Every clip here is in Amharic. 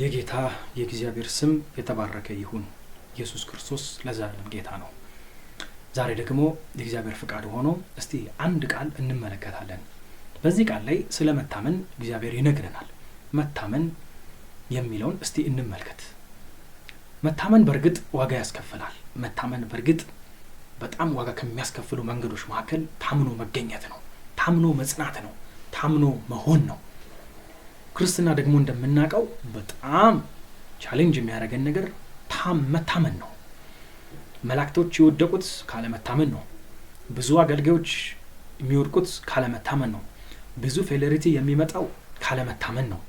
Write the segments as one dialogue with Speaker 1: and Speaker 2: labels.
Speaker 1: የጌታ የእግዚአብሔር ስም የተባረከ ይሁን። ኢየሱስ ክርስቶስ ለዘላለም ጌታ ነው። ዛሬ ደግሞ የእግዚአብሔር ፍቃድ ሆኖ እስቲ አንድ ቃል እንመለከታለን። በዚህ ቃል ላይ ስለ መታመን እግዚአብሔር ይነግረናል። መታመን የሚለውን እስቲ እንመልከት። መታመን በእርግጥ ዋጋ ያስከፍላል። መታመን በእርግጥ በጣም ዋጋ ከሚያስከፍሉ መንገዶች መካከል ታምኖ መገኘት ነው። ታምኖ መጽናት ነው። ታምኖ መሆን ነው። ክርስትና ደግሞ እንደምናውቀው በጣም ቻሌንጅ የሚያደርገን ነገር መታመን ነው። መላእክቶች የወደቁት ካለመታመን ነው። ብዙ አገልጋዮች የሚወድቁት ካለመታመን ነው። ብዙ ፌሌሪቲ የሚመጣው ካለመታመን ነው።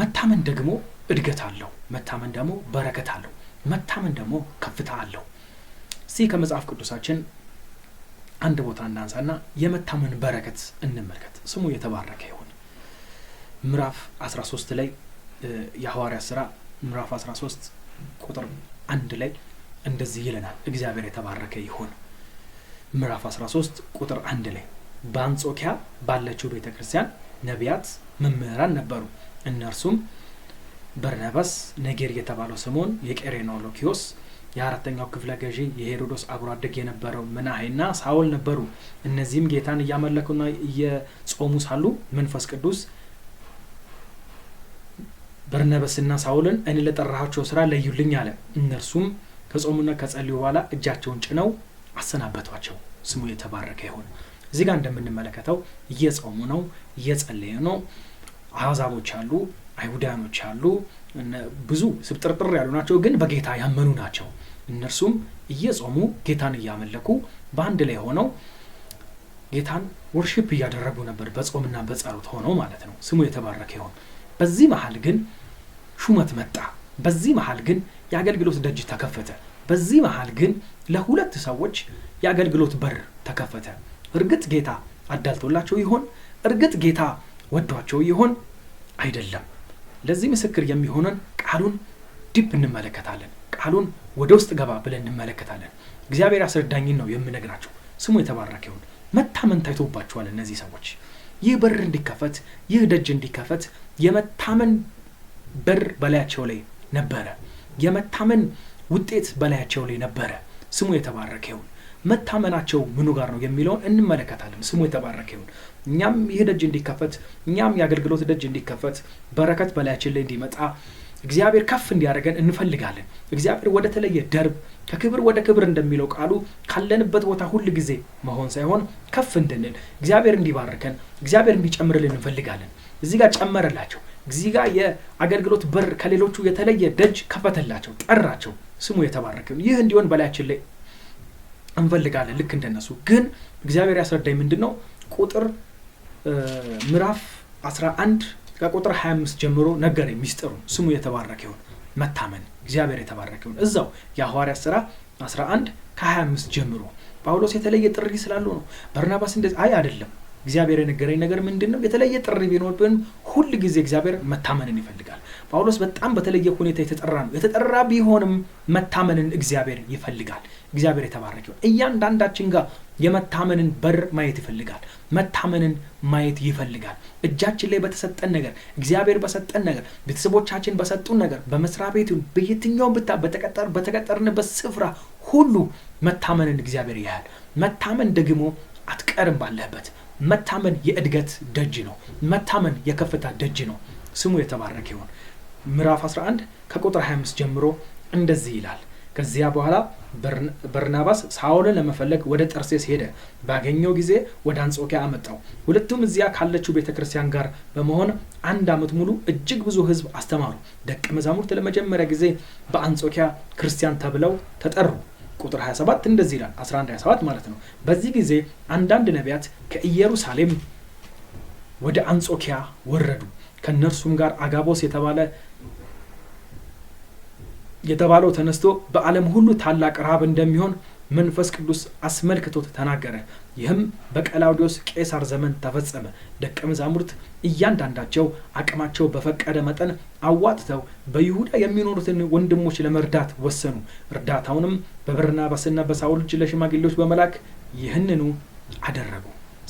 Speaker 1: መታመን ደግሞ እድገት አለው። መታመን ደግሞ በረከት አለው። መታመን ደግሞ ከፍታ አለው። እስኪ ከመጽሐፍ ቅዱሳችን አንድ ቦታ እናንሳና የመታመን በረከት እንመልከት። ስሙ የተባረከ ይሁን። ምዕራፍ 13 ላይ የሐዋርያ ስራ ምዕራፍ 13 ቁጥር አንድ ላይ እንደዚህ ይለናል። እግዚአብሔር የተባረከ ይሁን። ምዕራፍ 13 ቁጥር አንድ ላይ በአንጾኪያ ባለችው ቤተ ክርስቲያን ነቢያት፣ መምህራን ነበሩ። እነርሱም በርናባስ፣ ነጌር የተባለው ስምዖን፣ የቀሬናው ሎኪዮስ የአራተኛው ክፍለ ገዢ የሄሮዶስ አብሮ አደግ የነበረው ምናሄና ሳውል ነበሩ። እነዚህም ጌታን እያመለኩና እየጾሙ ሳሉ መንፈስ ቅዱስ በርነበስና ሳውልን እኔ ለጠራሃቸው ስራ ለዩልኝ አለ። እነርሱም ከጾሙና ከጸልዩ በኋላ እጃቸውን ጭነው አሰናበቷቸው። ስሙ የተባረከ ይሁን። እዚህ ጋር እንደምንመለከተው እየጾሙ ነው፣ እየጸለየ ነው። አሕዛቦች አሉ፣ አይሁዳኖች አሉ፣ ብዙ ስብጥርጥር ያሉ ናቸው፣ ግን በጌታ ያመኑ ናቸው። እነርሱም እየጾሙ ጌታን እያመለኩ በአንድ ላይ ሆነው ጌታን ወርሽፕ እያደረጉ ነበር፣ በጾምና በጸሎት ሆነው ማለት ነው። ስሙ የተባረከ ይሁን። በዚህ መሀል ግን ሹመት መጣ። በዚህ መሀል ግን የአገልግሎት ደጅ ተከፈተ። በዚህ መሀል ግን ለሁለት ሰዎች የአገልግሎት በር ተከፈተ። እርግጥ ጌታ አዳልቶላቸው ይሆን? እርግጥ ጌታ ወዷቸው ይሆን? አይደለም። ለዚህ ምስክር የሚሆነን ቃሉን ዲፕ እንመለከታለን። ቃሉን ወደ ውስጥ ገባ ብለን እንመለከታለን። እግዚአብሔር አስረዳኝን ነው የምነግራቸው። ስሙ የተባረከ ይሁን። መታመን ታይቶባቸዋል እነዚህ ሰዎች ይህ በር እንዲከፈት፣ ይህ ደጅ እንዲከፈት የመታመን በር በላያቸው ላይ ነበረ። የመታመን ውጤት በላያቸው ላይ ነበረ። ስሙ የተባረከ ይሁን። መታመናቸው ምኑ ጋር ነው የሚለውን እንመለከታለን። ስሙ የተባረከ ይሁን። እኛም ይህ ደጅ እንዲከፈት፣ እኛም የአገልግሎት ደጅ እንዲከፈት፣ በረከት በላያችን ላይ እንዲመጣ እግዚአብሔር ከፍ እንዲያደርገን እንፈልጋለን። እግዚአብሔር ወደ ተለየ ደርብ ከክብር ወደ ክብር እንደሚለው ቃሉ ካለንበት ቦታ ሁል ጊዜ መሆን ሳይሆን ከፍ እንድንል እግዚአብሔር እንዲባርከን እግዚአብሔር እንዲጨምርልን እንፈልጋለን። እዚህ ጋር ጨመረላቸው። እዚህ ጋር የአገልግሎት በር ከሌሎቹ የተለየ ደጅ ከፈተላቸው፣ ጠራቸው። ስሙ የተባረከ ይህ እንዲሆን በላያችን ላይ እንፈልጋለን። ልክ እንደነሱ ግን እግዚአብሔር ያስረዳኝ ምንድን ነው ቁጥር ምዕራፍ 11 ከቁጥር 25 ጀምሮ ነገር የሚስጥሩ ስሙ የተባረከ ይሁን መታመን እግዚአብሔር የተባረከ ይሁን። እዛው የሐዋርያት ሥራ 11 ከ25 ጀምሮ ጳውሎስ የተለየ ጥሪ ስላለው ነው። በርናባስ እንደዚህ አይ አይደለም። እግዚአብሔር የነገረኝ ነገር ምንድን ነው? የተለየ ጥሪ ቢኖርብንም ሁል ጊዜ እግዚአብሔር መታመንን ይፈልጋል። ጳውሎስ በጣም በተለየ ሁኔታ የተጠራ ነው። የተጠራ ቢሆንም መታመንን እግዚአብሔር ይፈልጋል። እግዚአብሔር የተባረክ ይሆን። እያንዳንዳችን ጋር የመታመንን በር ማየት ይፈልጋል። መታመንን ማየት ይፈልጋል። እጃችን ላይ በተሰጠን ነገር፣ እግዚአብሔር በሰጠን ነገር፣ ቤተሰቦቻችን በሰጡን ነገር፣ በመስሪያ ቤቱ በየትኛውም ብታ በተቀጠርንበት ስፍራ ሁሉ መታመንን እግዚአብሔር ያያል። መታመን ደግሞ አትቀርም ባለህበት። መታመን የእድገት ደጅ ነው። መታመን የከፍታ ደጅ ነው። ስሙ የተባረክ ይሆን ምዕራፍ 11 ከቁጥር 25 ጀምሮ እንደዚህ ይላል። ከዚያ በኋላ በርናባስ ሳውልን ለመፈለግ ወደ ጠርሴስ ሄደ። ባገኘው ጊዜ ወደ አንጾኪያ አመጣው። ሁለቱም እዚያ ካለችው ቤተ ክርስቲያን ጋር በመሆን አንድ ዓመት ሙሉ እጅግ ብዙ ሕዝብ አስተማሩ። ደቀ መዛሙርት ለመጀመሪያ ጊዜ በአንጾኪያ ክርስቲያን ተብለው ተጠሩ። ቁጥር 27 እንደዚህ ይላል። 11 27 ማለት ነው። በዚህ ጊዜ አንዳንድ ነቢያት ከኢየሩሳሌም ወደ አንጾኪያ ወረዱ። ከእነርሱም ጋር አጋቦስ የተባለ የተባለው ተነስቶ በዓለም ሁሉ ታላቅ ረሃብ እንደሚሆን መንፈስ ቅዱስ አስመልክቶት ተናገረ። ይህም በቀላውዲዮስ ቄሳር ዘመን ተፈጸመ። ደቀ መዛሙርት እያንዳንዳቸው አቅማቸው በፈቀደ መጠን አዋጥተው በይሁዳ የሚኖሩትን ወንድሞች ለመርዳት ወሰኑ። እርዳታውንም በበርናባስና በሳውል እጅ ለሽማግሌዎች በመላክ ይህንኑ አደረጉ።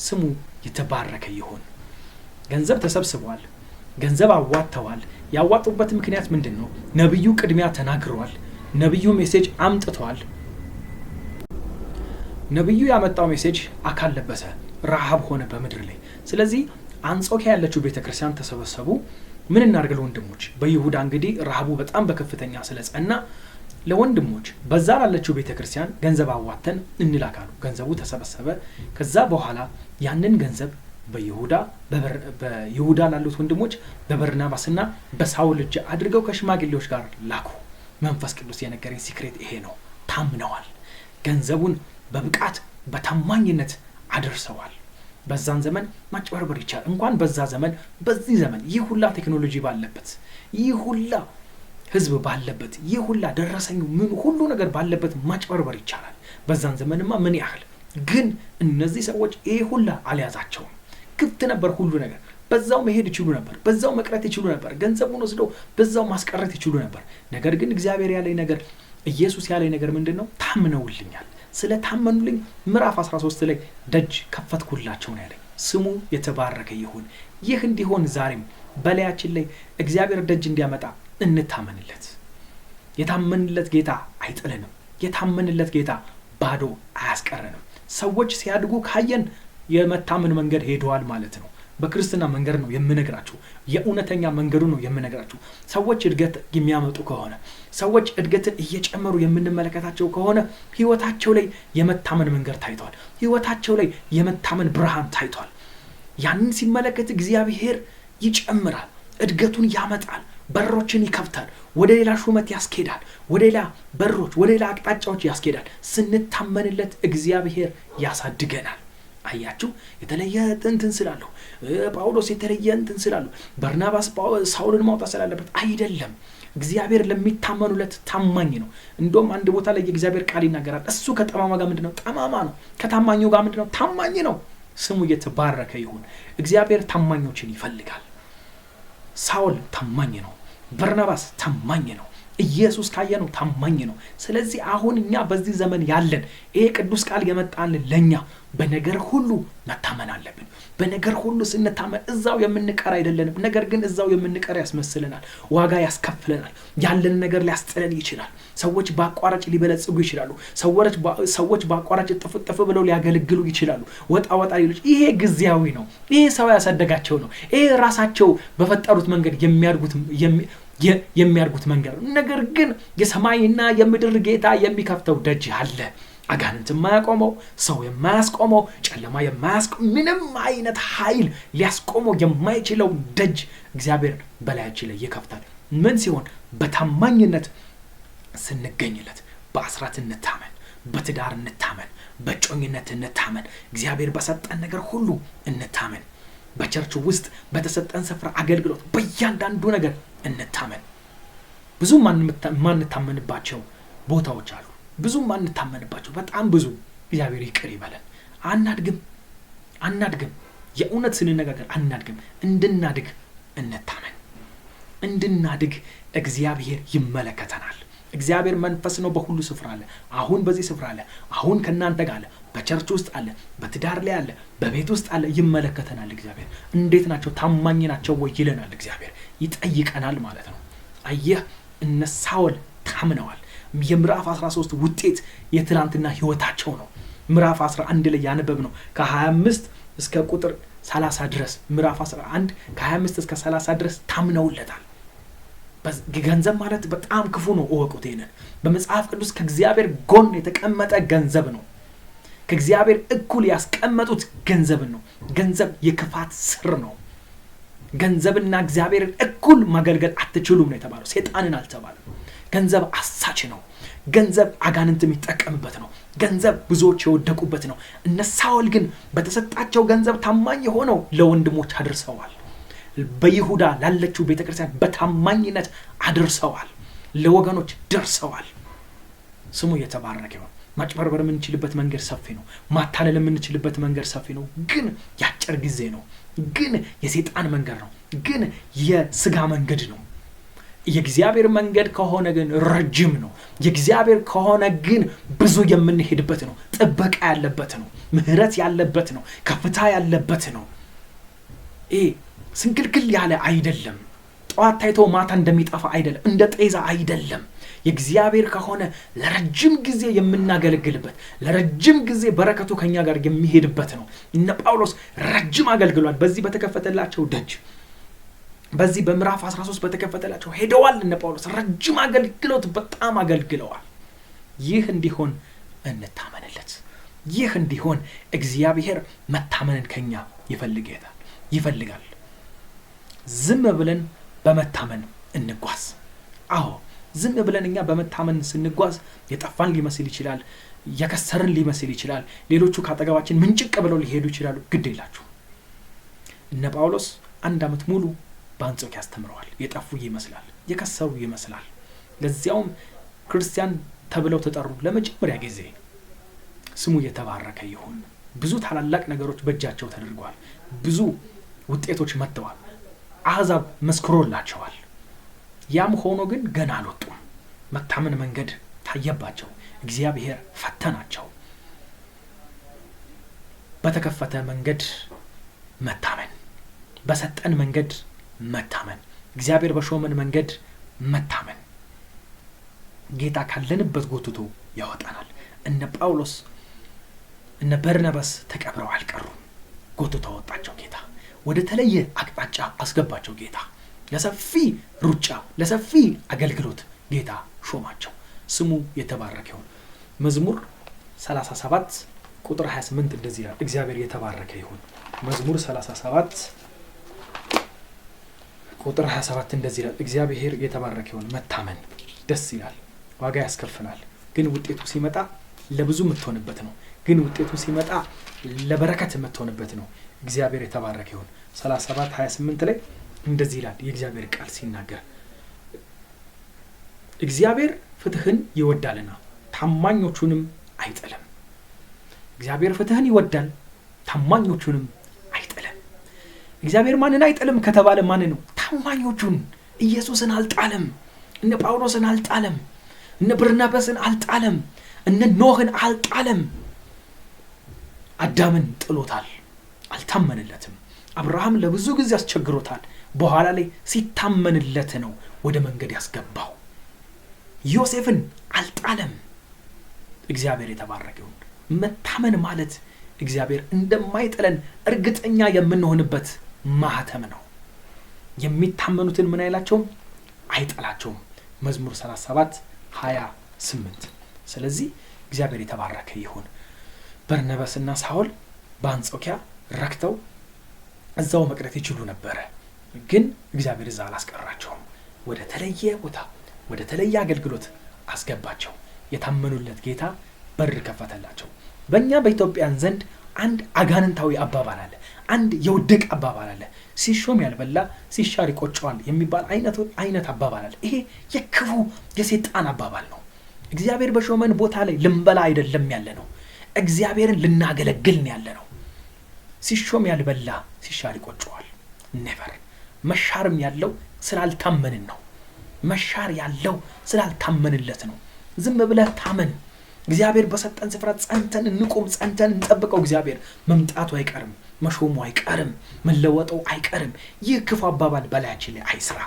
Speaker 1: ስሙ የተባረከ ይሆን ገንዘብ ተሰብስቧል። ገንዘብ አዋጥተዋል። ያዋጡበት ምክንያት ምንድን ነው? ነቢዩ ቅድሚያ ተናግረዋል። ነቢዩ ሜሴጅ አምጥተዋል። ነቢዩ ያመጣው ሜሴጅ አካል ለበሰ፣ ረሃብ ሆነ በምድር ላይ። ስለዚህ አንጾኪያ ያለችው ቤተ ክርስቲያን ተሰበሰቡ። ምን እናድርግ ለወንድሞች? በይሁዳ እንግዲህ ረሃቡ በጣም በከፍተኛ ስለጸና ለወንድሞች በዛ ላለችው ቤተ ክርስቲያን ገንዘብ አዋተን እንላካሉ። ገንዘቡ ተሰበሰበ። ከዛ በኋላ ያንን ገንዘብ በይሁዳ በይሁዳ ላሉት ወንድሞች በበርናባስና በሳውል እጅ አድርገው ከሽማግሌዎች ጋር ላኩ። መንፈስ ቅዱስ የነገረኝ ሲክሬት ይሄ ነው። ታምነዋል። ገንዘቡን በብቃት በታማኝነት አድርሰዋል። በዛን ዘመን ማጭበርበር ይቻላል። እንኳን በዛ ዘመን በዚህ ዘመን ይህ ሁላ ቴክኖሎጂ ባለበት፣ ይህ ሁላ ህዝብ ባለበት፣ ይህ ሁላ ደረሰኙ ምን ሁሉ ነገር ባለበት ማጭበርበር ይቻላል። በዛን ዘመንማ ምን ያህል ግን እነዚህ ሰዎች ይህ ሁላ አልያዛቸውም። ክፍት ነበር ሁሉ ነገር። በዛው መሄድ ይችሉ ነበር፣ በዛው መቅረት ይችሉ ነበር፣ ገንዘቡን ወስደው በዛው ማስቀረት ይችሉ ነበር። ነገር ግን እግዚአብሔር ያለኝ ነገር ኢየሱስ ያለኝ ነገር ምንድን ነው? ታምነውልኛል። ስለ ታመኑልኝ ምዕራፍ 13 ላይ ደጅ ከፈትኩላቸው ነው ያለኝ። ስሙ የተባረከ ይሁን። ይህ እንዲሆን ዛሬም በላያችን ላይ እግዚአብሔር ደጅ እንዲያመጣ እንታመንለት። የታመንለት ጌታ አይጥልንም። የታመንለት ጌታ ባዶ አያስቀረንም። ሰዎች ሲያድጉ ካየን የመታመን መንገድ ሄደዋል ማለት ነው። በክርስትና መንገድ ነው የምነግራችሁ፣ የእውነተኛ መንገዱ ነው የምነግራችሁ። ሰዎች እድገት የሚያመጡ ከሆነ ሰዎች እድገትን እየጨመሩ የምንመለከታቸው ከሆነ ህይወታቸው ላይ የመታመን መንገድ ታይቷል። ህይወታቸው ላይ የመታመን ብርሃን ታይቷል። ያንን ሲመለከት እግዚአብሔር ይጨምራል፣ እድገቱን ያመጣል፣ በሮችን ይከፍታል፣ ወደ ሌላ ሹመት ያስኬዳል፣ ወደ ሌላ በሮች፣ ወደ ሌላ አቅጣጫዎች ያስኬዳል። ስንታመንለት እግዚአብሔር ያሳድገናል። አያችሁ፣ የተለየ እንትን ስላለሁ ጳውሎስ የተለየ እንትን ስላለሁ በርናባስ ሳውልን ማውጣት ስላለበት አይደለም። እግዚአብሔር ለሚታመኑለት ታማኝ ነው። እንደውም አንድ ቦታ ላይ የእግዚአብሔር ቃል ይናገራል። እሱ ከጠማማ ጋር ምንድነው? ጠማማ ነው። ከታማኙ ጋር ምንድነው? ታማኝ ነው። ስሙ እየተባረከ ይሁን። እግዚአብሔር ታማኞችን ይፈልጋል። ሳውል ታማኝ ነው። በርናባስ ታማኝ ነው። ኢየሱስ ካየ ነው ታማኝ ነው። ስለዚህ አሁን እኛ በዚህ ዘመን ያለን ይሄ ቅዱስ ቃል የመጣልን ለእኛ በነገር ሁሉ መታመን አለብን። በነገር ሁሉ ስንታመን እዛው የምንቀር አይደለንም። ነገር ግን እዛው የምንቀር ያስመስለናል፣ ዋጋ ያስከፍለናል፣ ያለን ነገር ሊያስጥለን ይችላል። ሰዎች በአቋራጭ ሊበለጽጉ ይችላሉ። ሰዎች በአቋራጭ ጥፍጥፍ ብለው ሊያገለግሉ ይችላሉ። ወጣ ወጣ ሌሎች ይሄ ጊዜያዊ ነው። ይሄ ሰው ያሳደጋቸው ነው። ይሄ ራሳቸው በፈጠሩት መንገድ የሚያድጉት የሚያድጉት መንገድ ነው። ነገር ግን የሰማይና የምድር ጌታ የሚከፍተው ደጅ አለ። አጋንንት የማያቆመው ሰው የማያስቆመው ጨለማ የማያስቆመው ምንም አይነት ኃይል ሊያስቆመው የማይችለው ደጅ እግዚአብሔር በላያችን ላይ ይከፍታል። ምን ሲሆን በታማኝነት ስንገኝለት፣ በአስራት እንታመን፣ በትዳር እንታመን፣ በጮኝነት እንታመን፣ እግዚአብሔር በሰጠን ነገር ሁሉ እንታመን፣ በቸርች ውስጥ በተሰጠን ስፍራ አገልግሎት፣ በእያንዳንዱ ነገር እንታመን። ብዙ ማንታመንባቸው ቦታዎች አሉ። ብዙም አንታመንባቸው። በጣም ብዙ እግዚአብሔር ይቅር ይበለን። አናድግም አናድግም። የእውነት ስንነጋገር አናድግም። እንድናድግ እንታመን። እንድናድግ እግዚአብሔር ይመለከተናል። እግዚአብሔር መንፈስ ነው፣ በሁሉ ስፍራ አለ። አሁን በዚህ ስፍራ አለ። አሁን ከእናንተ ጋር አለ። በቸርች ውስጥ አለ። በትዳር ላይ አለ። በቤት ውስጥ አለ። ይመለከተናል። እግዚአብሔር እንዴት ናቸው ታማኝ ናቸው ወይ ይለናል። እግዚአብሔር ይጠይቀናል ማለት ነው። አየህ እነሳወል ታምነዋል። የምዕራፍ 13 ውጤት የትናንትና ህይወታቸው ነው። ምዕራፍ 11 ላይ ያነበብ ነው ከ25 እስከ ቁጥር 30 ድረስ ምዕራፍ 11 ከ25 እስከ 30 ድረስ ታምነውለታል። ገንዘብ ማለት በጣም ክፉ ነው፣ እወቁት። ይህንን በመጽሐፍ ቅዱስ ከእግዚአብሔር ጎን የተቀመጠ ገንዘብ ነው። ከእግዚአብሔር እኩል ያስቀመጡት ገንዘብን ነው። ገንዘብ የክፋት ስር ነው። ገንዘብና እግዚአብሔርን እኩል ማገልገል አትችሉም ነው የተባለው። ሴጣንን አልተባለም። ገንዘብ አሳች ነው። ገንዘብ አጋንንት የሚጠቀምበት ነው። ገንዘብ ብዙዎች የወደቁበት ነው። እነ ሳውል ግን በተሰጣቸው ገንዘብ ታማኝ የሆነው ለወንድሞች አድርሰዋል። በይሁዳ ላለችው ቤተ ክርስቲያን በታማኝነት አድርሰዋል። ለወገኖች ደርሰዋል። ስሙ እየተባረከ ይሆን። ማጭበርበር የምንችልበት መንገድ ሰፊ ነው። ማታለል የምንችልበት መንገድ ሰፊ ነው፣ ግን የአጭር ጊዜ ነው። ግን የሴጣን መንገድ ነው። ግን የስጋ መንገድ ነው። የእግዚአብሔር መንገድ ከሆነ ግን ረጅም ነው። የእግዚአብሔር ከሆነ ግን ብዙ የምንሄድበት ነው። ጥበቃ ያለበት ነው። ምሕረት ያለበት ነው። ከፍታ ያለበት ነው። ይህ ስንክልክል ያለ አይደለም። ጠዋት ታይቶ ማታ እንደሚጠፋ አይደለም። እንደ ጤዛ አይደለም። የእግዚአብሔር ከሆነ ለረጅም ጊዜ የምናገለግልበት ለረጅም ጊዜ በረከቱ ከኛ ጋር የሚሄድበት ነው። እነ ጳውሎስ ረጅም አገልግሏል በዚህ በተከፈተላቸው ደጅ በዚህ በምዕራፍ 13 በተከፈተላቸው ሄደዋል። እነ ጳውሎስ ረጅም አገልግሎት በጣም አገልግለዋል። ይህ እንዲሆን እንታመንለት። ይህ እንዲሆን እግዚአብሔር መታመንን ከኛ ይፈልግታል ይፈልጋል። ዝም ብለን በመታመን እንጓዝ። አዎ ዝም ብለን እኛ በመታመን ስንጓዝ የጠፋን ሊመስል ይችላል፣ የከሰርን ሊመስል ይችላል። ሌሎቹ ከአጠገባችን ምንጭቅ ብለው ሊሄዱ ይችላሉ። ግድ የላችሁ እነ ጳውሎስ አንድ ዓመት ሙሉ በአንጾኪ ያስተምረዋል። የጠፉ ይመስላል፣ የከሰሩ ይመስላል። ለዚያውም ክርስቲያን ተብለው ተጠሩ ለመጀመሪያ ጊዜ። ስሙ የተባረከ ይሁን። ብዙ ታላላቅ ነገሮች በእጃቸው ተደርገዋል ብዙ ውጤቶች መጥተዋል። አህዛብ መስክሮላቸዋል። ያም ሆኖ ግን ገና አልወጡም። መታመን መንገድ ታየባቸው። እግዚአብሔር ፈተናቸው። በተከፈተ መንገድ መታመን፣ በሰጠን መንገድ መታመን፣ እግዚአብሔር በሾመን መንገድ መታመን ጌታ ካለንበት ጎትቶ ያወጣናል። እነ ጳውሎስ እነ በርናባስ ተቀብረው አልቀሩም። ጎትቶ አወጣቸው ጌታ። ወደ ተለየ አቅጣጫ አስገባቸው ጌታ። ለሰፊ ሩጫ ለሰፊ አገልግሎት ጌታ ሾማቸው። ስሙ የተባረከ ይሁን። መዝሙር 37 ቁጥር 28 እንደዚህ ይላል። እግዚአብሔር የተባረከ ይሁን። መዝሙር 37 ቁጥር 27 እንደዚህ ይላል፣ እግዚአብሔር የተባረከ ይሁን። መታመን ደስ ይላል፣ ዋጋ ያስከፍላል፣ ግን ውጤቱ ሲመጣ ለብዙ የምትሆንበት ነው። ግን ውጤቱ ሲመጣ ለበረከት የምትሆንበት ነው። እግዚአብሔር የተባረከ ይሁን። 37 28 ላይ እንደዚህ ይላል የእግዚአብሔር ቃል ሲናገር እግዚአብሔር ፍትህን ይወዳልና ታማኞቹንም አይጥልም። እግዚአብሔር ፍትህን ይወዳል ታማኞቹንም አይጥልም። እግዚአብሔር ማንን አይጥልም ከተባለ ማን ነው? ታማኞቹን ኢየሱስን አልጣለም። እነ ጳውሎስን አልጣለም። እነ ብርናበስን አልጣለም። እነ ኖህን አልጣለም። አዳምን ጥሎታል፣ አልታመንለትም። አብርሃም ለብዙ ጊዜ አስቸግሮታል። በኋላ ላይ ሲታመንለት ነው ወደ መንገድ ያስገባው። ዮሴፍን አልጣለም። እግዚአብሔር የተባረከውን መታመን ማለት እግዚአብሔር እንደማይጥለን እርግጠኛ የምንሆንበት ማህተም ነው። የሚታመኑትን ምን አይላቸውም አይጠላቸውም። መዝሙር 37 28 ስለዚህ እግዚአብሔር የተባረከ ይሁን። በርነበስና ሳውል በአንጾኪያ ረክተው እዛው መቅረት ይችሉ ነበረ፣ ግን እግዚአብሔር እዛ አላስቀራቸውም። ወደ ተለየ ቦታ ወደ ተለየ አገልግሎት አስገባቸው። የታመኑለት ጌታ በር ከፈተላቸው። በእኛ በኢትዮጵያን ዘንድ አንድ አጋንንታዊ አባባል አለ። አንድ የውድቅ አባባል አለ። ሲሾም ያልበላ ሲሻር ይቆጨዋል የሚባል አይነት አይነት አባባል አለ። ይሄ የክፉ የሴጣን አባባል ነው። እግዚአብሔር በሾመን ቦታ ላይ ልንበላ አይደለም ያለ ነው። እግዚአብሔርን ልናገለግል ነው ያለ ነው። ሲሾም ያልበላ ሲሻር ይቆጨዋል። ኔቨር መሻርም ያለው ስላልታመንን ነው። መሻር ያለው ስላልታመንለት ነው። ዝም ብለህ ታመን። እግዚአብሔር በሰጠን ስፍራ ጸንተን እንቁም፣ ጸንተን እንጠብቀው። እግዚአብሔር መምጣቱ አይቀርም። መሾሙ አይቀርም፣ መለወጠው አይቀርም። ይህ ክፉ አባባል በላያችን ላይ አይስራ።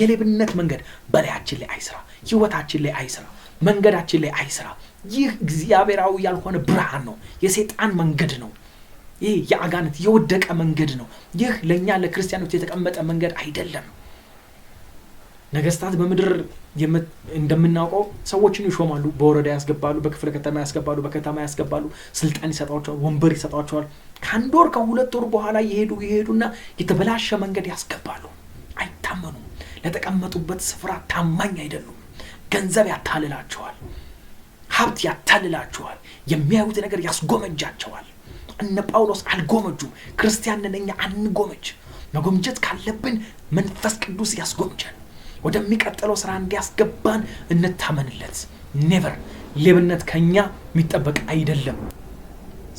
Speaker 1: የሌብነት መንገድ በላያችን ላይ አይስራ። ህይወታችን ላይ አይስራ። መንገዳችን ላይ አይስራ። ይህ እግዚአብሔራዊ ያልሆነ ብርሃን ነው። የሰይጣን መንገድ ነው። ይህ የአጋንንት የወደቀ መንገድ ነው። ይህ ለእኛ ለክርስቲያኖች የተቀመጠ መንገድ አይደለም። ነገስታት በምድር እንደምናውቀው ሰዎችን ይሾማሉ፣ በወረዳ ያስገባሉ፣ በክፍለ ከተማ ያስገባሉ፣ በከተማ ያስገባሉ፣ ስልጣን ይሰጧቸዋል፣ ወንበር ይሰጧቸዋል። ከአንድ ወር ከሁለት ወር በኋላ የሄዱ የሄዱና የተበላሸ መንገድ ያስገባሉ። አይታመኑም። ለተቀመጡበት ስፍራ ታማኝ አይደሉም። ገንዘብ ያታልላቸዋል። ሀብት ያታልላቸዋል። የሚያዩት ነገር ያስጎመጃቸዋል። እነ ጳውሎስ አልጎመጁም። ክርስቲያን እኛ አንጎመጅ። መጎምጀት ካለብን መንፈስ ቅዱስ ያስጎምጀን፣ ወደሚቀጥለው ስራ እንዲያስገባን እንታመንለት። ኔቨር ሌብነት ከኛ የሚጠበቅ አይደለም።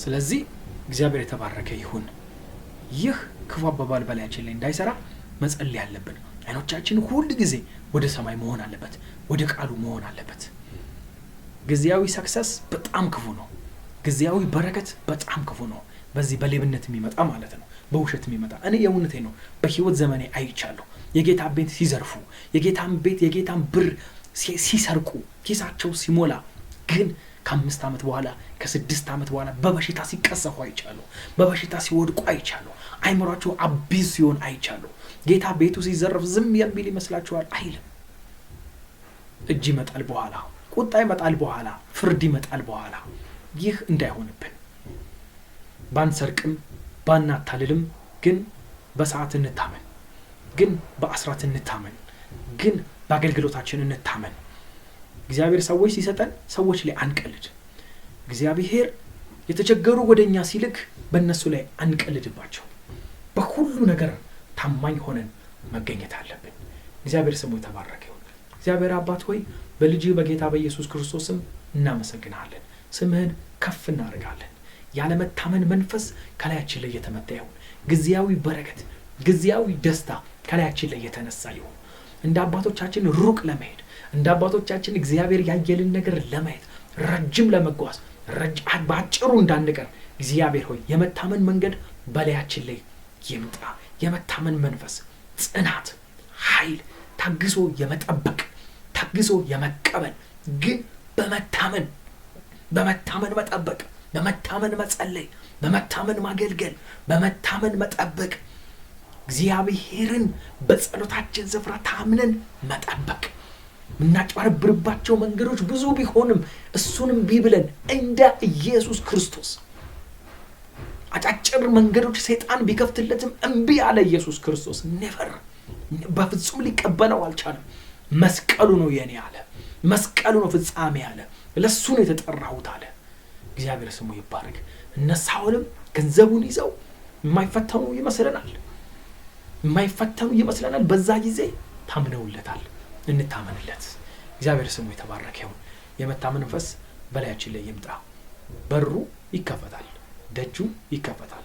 Speaker 1: ስለዚህ እግዚአብሔር የተባረከ ይሁን። ይህ ክፉ አባባል በላያችን ላይ እንዳይሰራ መጸለይ አለብን። አይኖቻችን ሁል ጊዜ ወደ ሰማይ መሆን አለበት፣ ወደ ቃሉ መሆን አለበት። ጊዜያዊ ሰክሰስ በጣም ክፉ ነው። ጊዜያዊ በረከት በጣም ክፉ ነው። በዚህ በሌብነት የሚመጣ ማለት ነው፣ በውሸት የሚመጣ እኔ የእውነቴ ነው። በህይወት ዘመኔ አይቻለሁ። የጌታን ቤት ሲዘርፉ፣ የጌታን ቤት የጌታን ብር ሲሰርቁ፣ ኪሳቸው ሲሞላ ግን ከአምስት ዓመት በኋላ ከስድስት ዓመት በኋላ በበሽታ ሲቀሰፉ አይቻሉ፣ በበሽታ ሲወድቁ አይቻሉ፣ አይምሯቸው አቢዝ ሲሆን አይቻሉ። ጌታ ቤቱ ሲዘረፍ ዝም የሚል ይመስላችኋል? አይልም። እጅ ይመጣል በኋላ፣ ቁጣ ይመጣል በኋላ፣ ፍርድ ይመጣል በኋላ። ይህ እንዳይሆንብን ባንሰርቅም ባናታልልም፣ ግን በሰዓት እንታመን፣ ግን በአስራት እንታመን፣ ግን በአገልግሎታችን እንታመን። እግዚአብሔር ሰዎች ሲሰጠን ሰዎች ላይ አንቀልድ። እግዚአብሔር የተቸገሩ ወደ እኛ ሲልክ በእነሱ ላይ አንቀልድባቸው። በሁሉ ነገር ታማኝ ሆነን መገኘት አለብን። እግዚአብሔር ስሙ የተባረከ ይሁን። እግዚአብሔር አባት ሆይ በልጅ በጌታ በኢየሱስ ክርስቶስም እናመሰግናለን። ስምህን ከፍ እናደርጋለን። ያለመታመን መንፈስ ከላያችን ላይ የተመታ ይሁን። ጊዜያዊ በረከት፣ ጊዜያዊ ደስታ ከላያችን ላይ የተነሳ ይሁን። እንደ አባቶቻችን ሩቅ ለመሄድ እንደ አባቶቻችን እግዚአብሔር ያየልን ነገር ለማየት ረጅም ለመጓዝ በአጭሩ እንዳንቀር እግዚአብሔር ሆይ የመታመን መንገድ በላያችን ላይ ይምጣ። የመታመን መንፈስ፣ ጽናት፣ ኃይል፣ ታግሶ የመጠበቅ ታግሶ የመቀበል ግን በመታመን በመታመን መጠበቅ፣ በመታመን መጸለይ፣ በመታመን ማገልገል፣ በመታመን መጠበቅ፣ እግዚአብሔርን በጸሎታችን ስፍራ ታምነን መጠበቅ የምናጭበረብርባቸው መንገዶች ብዙ ቢሆንም እሱንም ቢብለን ብለን እንደ ኢየሱስ ክርስቶስ አጫጭር መንገዶች ሰይጣን ቢከፍትለትም እምቢ አለ ኢየሱስ ክርስቶስ። ኔቨር በፍጹም ሊቀበለው አልቻለም። መስቀሉ ነው የኔ አለ። መስቀሉ ነው ፍጻሜ አለ። ለሱ ነው የተጠራሁት አለ። እግዚአብሔር ስሙ ይባረክ። እነሳውንም ገንዘቡን ይዘው የማይፈተኑ ይመስለናል፣ የማይፈተኑ ይመስለናል። በዛ ጊዜ ታምነውለታል። እንታመንለት። እግዚአብሔር ስሙ የተባረከ ይሁን። የመታመን መንፈስ በላያችን ላይ ይምጣ። በሩ ይከፈታል፣ ደጁ ይከፈታል።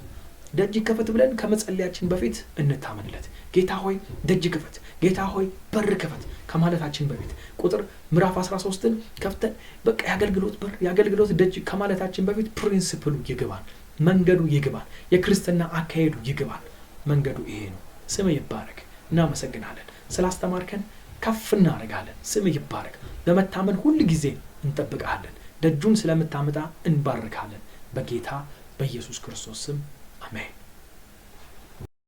Speaker 1: ደጅ ይከፈት ብለን ከመጸለያችን በፊት እንታመንለት። ጌታ ሆይ ደጅ ክፈት፣ ጌታ ሆይ በር ክፈት ከማለታችን በፊት ቁጥር ምዕራፍ 13ን ከፍተን በቃ የአገልግሎት በር የአገልግሎት ደጅ ከማለታችን በፊት ፕሪንስፕሉ ይግባል፣ መንገዱ ይግባል፣ የክርስትና አካሄዱ ይግባል። መንገዱ ይሄ ነው። ስም ይባረክ። እናመሰግናለን ስላስተማርከን ከፍ እናደርጋለን። ስም ይባረክ። በመታመን ሁል ጊዜ እንጠብቃለን ደጁን ስለምታመጣ እንባርካለን። በጌታ በኢየሱስ ክርስቶስ ስም አሜን።